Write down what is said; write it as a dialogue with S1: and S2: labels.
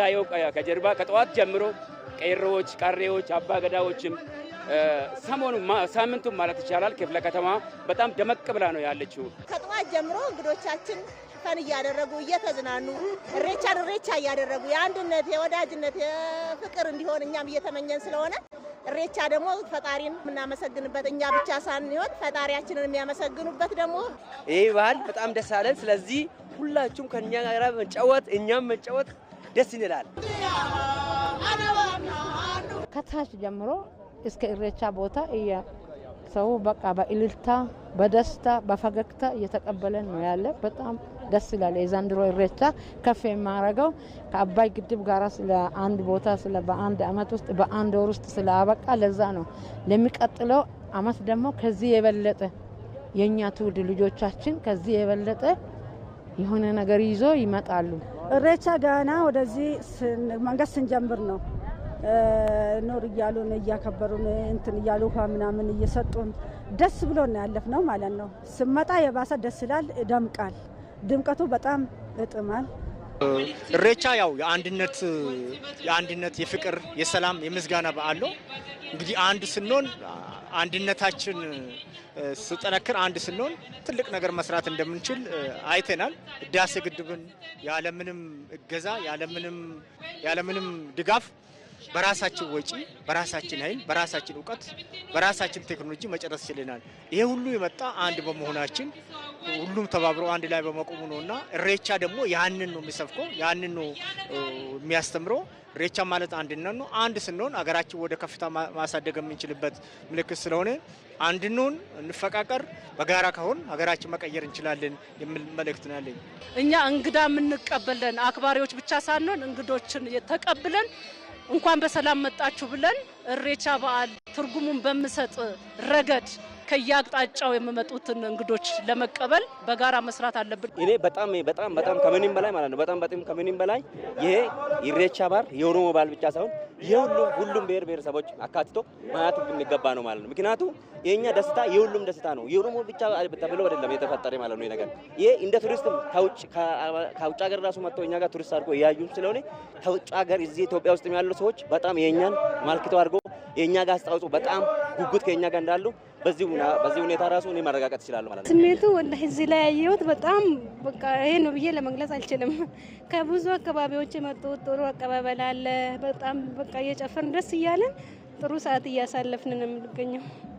S1: ታየው ከጀርባ ከጠዋት ጀምሮ ቀይሮዎች ቀሬዎች፣ አባገዳዎችም ሰሞኑ ሳምንቱን ማለት ይቻላል ክፍለ ከተማ በጣም ደመቅ ብላ ነው ያለችው።
S2: ከጠዋት ጀምሮ እንግዶቻችን ፈን እያደረጉ እየተዝናኑ እሬቻን እሬቻ እያደረጉ የአንድነት የወዳጅነት የፍቅር እንዲሆን እኛም እየተመኘን ስለሆነ እሬቻ ደግሞ ፈጣሪን የምናመሰግንበት እኛ ብቻ ሳንሆን ፈጣሪያችንን የሚያመሰግኑበት ደግሞ
S1: ይህ ባህል በጣም ደስ አለን። ስለዚህ ሁላችሁም ከእኛ ጋር መጫወት እኛም መጫወት ደስ ይላል።
S3: ከታች ጀምሮ እስከ እሬቻ ቦታ እያ ሰው በቃ በእልልታ በደስታ በፈገግታ እየተቀበለ ነው ያለ። በጣም ደስ ይላል። የዘንድሮ እሬቻ ከፍ የማረገው ከአባይ ግድብ ጋር ስለ አንድ ቦታ ስለ በአንድ አመት ውስጥ በአንድ ወር ውስጥ ስለ አበቃ ለዛ ነው። ለሚቀጥለው አመት ደግሞ ከዚህ የበለጠ የእኛ ትውልድ ልጆቻችን ከዚህ የበለጠ የሆነ ነገር ይዞ ይመጣሉ።
S4: እሬቻ ገና ወደዚህ መንገድ ስንጀምር ነው ኖር እያሉን እያከበሩን እንትን እያሉ ውሃ ምናምን እየሰጡን ደስ ብሎ ነው ያለፍነው ማለት ነው። ስመጣ የባሰ ደስ ይላል፣ ደምቃል። ድምቀቱ በጣም እጥማል።
S1: እሬቻ ያው የአንድነት የአንድነት የፍቅር የሰላም የምስጋና በዓል ነው። እንግዲህ አንድ ስንሆን አንድነታችን ስጠነክር አንድ ስንሆን ትልቅ ነገር መስራት እንደምንችል አይተናል። ህዳሴ ግድብን ያለምንም እገዛ ያለምንም ያለምንም ድጋፍ በራሳችን ወጪ በራሳችን ኃይል በራሳችን እውቀት በራሳችን ቴክኖሎጂ መጨረስ ችለናል። ይሄ ሁሉ የመጣ አንድ በመሆናችን ሁሉም ተባብሮ አንድ ላይ በመቆሙ ነው እና እሬቻ ደግሞ ያንን ነው የሚሰብከው፣ ያንን ነው የሚያስተምረው። እሬቻ ማለት አንድነት ነው። አንድ ስንሆን አገራችን ወደ ከፍታ ማሳደግ የምንችልበት ምልክት ስለሆነ አንድንሆን፣ እንፈቃቀር፣ በጋራ ከሆን ሀገራችን መቀየር እንችላለን የሚል መልእክት ነው ያለኝ።
S5: እኛ እንግዳ የምንቀበለን አክባሪዎች ብቻ ሳንሆን እንግዶችን ተቀብለን እንኳን በሰላም መጣችሁ ብለን እሬቻ በዓል ትርጉሙን በምሰጥ ረገድ ከየአቅጣጫው የሚመጡትን እንግዶች ለመቀበል በጋራ መስራት አለብን።
S1: እኔ በጣም በጣም በጣም ከምንም በላይ ማለት ነው በጣም በጣም ከምንም በላይ ይሄ ኢሬቻ በዓል የኦሮሞ በዓል ብቻ ሳይሆን የሁሉም ሁሉም ብሔር ብሔረሰቦች አካትቶ ማየት የሚገባ ነው ማለት ነው። ምክንያቱ የኛ ደስታ የሁሉም ደስታ ነው። የኦሮሞ ብቻ ተብሎ አይደለም የተፈጠረ ማለት ነው ነገር ይሄ እንደ ቱሪስትም ከውጭ ሀገር ራሱ መጥተው እኛ ጋር ቱሪስት አድርጎ እያዩ ስለሆነ ከውጭ ሀገር እዚህ ኢትዮጵያ ውስጥ ያሉ ሰዎች በጣም የእኛን ማልክቶ አድርጎ የእኛ ጋር አስተዋጽኦ በጣም ጉጉት ከኛ ጋር እንዳሉ በዚህ ሁኔታ ራሱ እኔ ማረጋገጥ እችላለሁ ማለት
S6: ነው። ስሜቱ ወላሂ እዚህ ላይ ያየሁት በጣም በቃ ይሄ ነው ብዬ ለመግለጽ አልችልም። ከብዙ አካባቢዎች የመጡት ጥሩ አቀባበል አለ። በጣም በቃ እየጨፈርን ደስ እያለን ጥሩ ሰዓት እያሳለፍን ነው የምንገኘው።